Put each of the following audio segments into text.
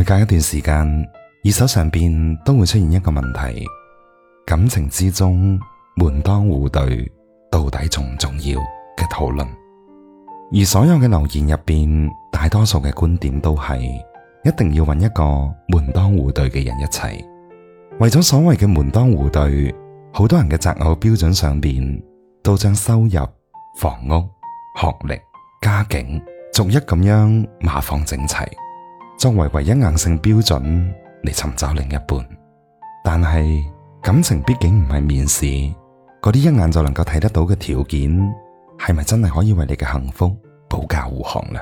每隔一段時間，熱搜上邊都會出現一個問題：感情之中門當戶對到底重唔重要嘅討論。而所有嘅留言入邊，大多數嘅觀點都係一定要揾一個門當戶對嘅人一齊。為咗所謂嘅門當戶對，好多人嘅擇偶標準上邊都將收入、房屋、學歷、家境逐一咁樣碼放整齊。作為唯一硬性標準嚟尋找另一半，但係感情畢竟唔係面試，嗰啲一眼就能夠睇得到嘅條件，係咪真係可以為你嘅幸福保駕護航呢？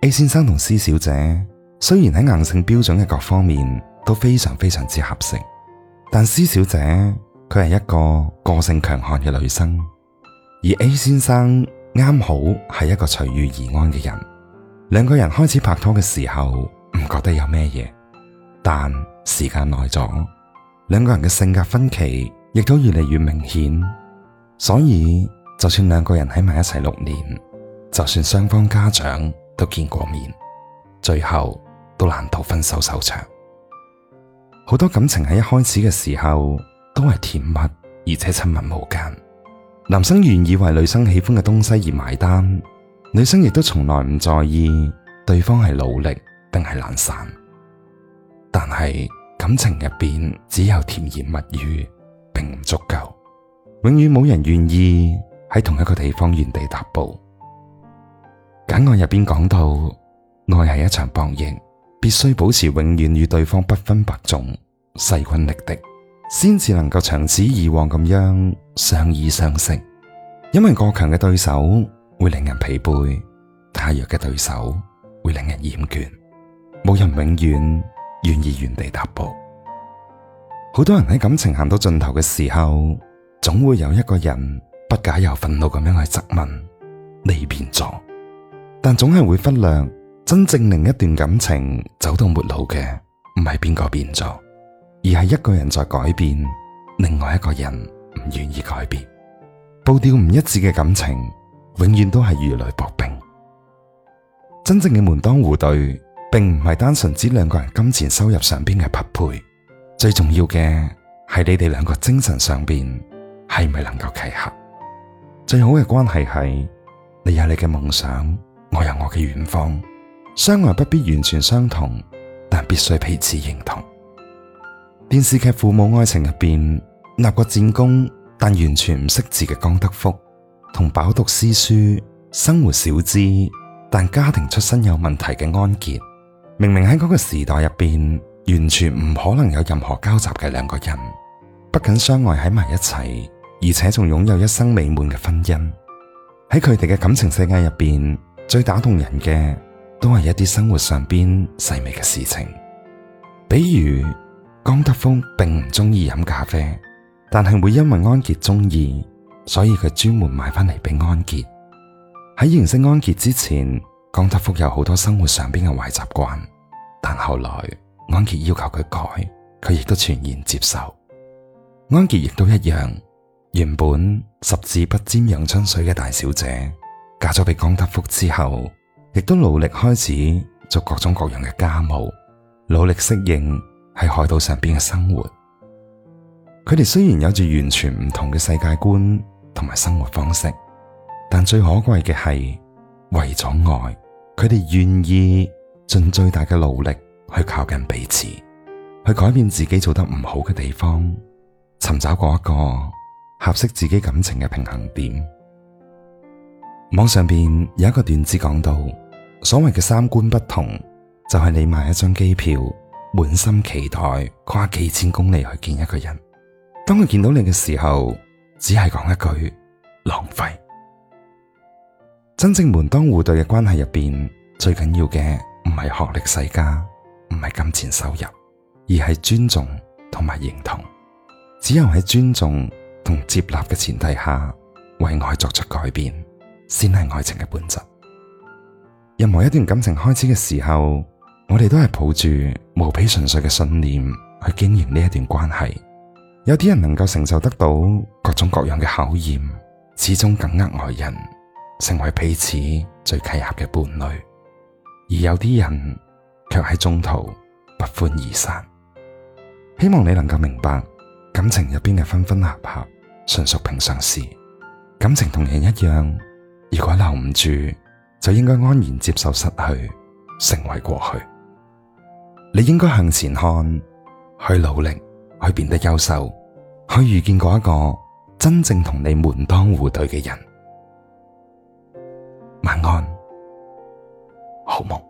A 先生同 C 小姐雖然喺硬性標準嘅各方面都非常非常之合適，但 C 小姐佢係一個個性強悍嘅女生，而 A 先生啱好係一個隨遇而安嘅人。兩個人開始拍拖嘅時候，唔覺得有咩嘢，但時間耐咗，兩個人嘅性格分歧亦都越嚟越明顯，所以就算兩個人喺埋一齊六年，就算雙方家長都見過面，最後都難逃分手收場。好多感情喺一開始嘅時候都係甜蜜而且親密無間，男生願意為女生喜歡嘅東西而埋單。女生亦都從來唔在意對方係努力定係懶散，但係感情入邊只有甜言蜜語並唔足夠，永遠冇人願意喺同一個地方原地踏步。簡愛入邊講到，愛係一場博弈，必須保持永遠與對方不分伯仲、勢均力敵，先至能夠長此以往咁樣相依相惜，因為過強嘅對手。會令人疲憊，太弱嘅對手會令人厭倦，冇人永遠願意原地踏步。好多人喺感情行到盡頭嘅時候，總會有一個人不解又憤怒咁樣去質問你變咗，但總係會忽略真正令一段感情走到末路嘅唔係邊個變咗，而係一個人在改變，另外一個人唔願意改變，步調唔一致嘅感情。永遠都係如履薄冰。真正嘅門當戶對，並唔係單純指兩個人金錢收入上邊嘅匹配，最重要嘅係你哋兩個精神上邊係咪能夠契合？最好嘅關係係你有你嘅夢想，我有我嘅遠方。相愛不必完全相同，但必須彼此認同。電視劇《父母愛情》入邊，立過戰功但完全唔識字嘅江德福。同飽讀詩書、生活小資但家庭出身有問題嘅安杰，明明喺嗰個時代入邊完全唔可能有任何交集嘅兩個人，不僅相愛喺埋一齊，而且仲擁有一生美滿嘅婚姻。喺佢哋嘅感情世界入邊，最打動人嘅都係一啲生活上邊細微嘅事情，比如江德峰並唔中意飲咖啡，但係會因為安杰中意。所以佢專門買翻嚟俾安杰。喺認識安杰之前，江德福有好多生活上邊嘅壞習慣，但後來安杰要求佢改，佢亦都全然接受。安杰亦都一樣，原本十指不沾陽春水嘅大小姐，嫁咗俾江德福之後，亦都努力開始做各種各樣嘅家務，努力適應喺海島上邊嘅生活。佢哋雖然有住完全唔同嘅世界觀。同埋生活方式，但最可貴嘅係為咗愛，佢哋願意盡最大嘅努力去靠近彼此，去改變自己做得唔好嘅地方，尋找過一個合適自己感情嘅平衡點。網上邊有一個段子講到，所謂嘅三觀不同，就係你買一張機票，滿心期待跨幾千公里去見一個人，當佢見到你嘅時候。只係講一句浪費。真正門當戶對嘅關係入邊，最緊要嘅唔係學歷、世家，唔係金錢收入，而係尊重同埋認同。只有喺尊重同接納嘅前提下，為愛作出改變，先係愛情嘅本質。任何一段感情開始嘅時候，我哋都係抱住無比純粹嘅信念去經營呢一段關係。有啲人能夠承受得到各種各樣嘅考驗，始終緊握愛人，成為彼此最契合嘅伴侶；而有啲人卻喺中途不歡而散。希望你能夠明白，感情入邊嘅分分合合，純屬平常事。感情同人一樣，如果留唔住，就應該安然接受失去，成為過去。你應該向前看，去努力，去變得優秀。去遇見過一個真正同你門當戶對嘅人。晚安，好夢。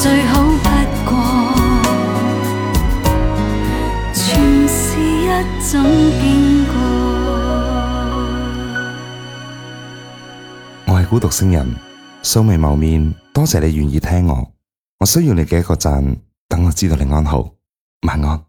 最好不過，全是一種經過。我係孤獨星人，素未謀面，多謝你願意聽我。我需要你嘅一個讚，等我知道你安好，晚安。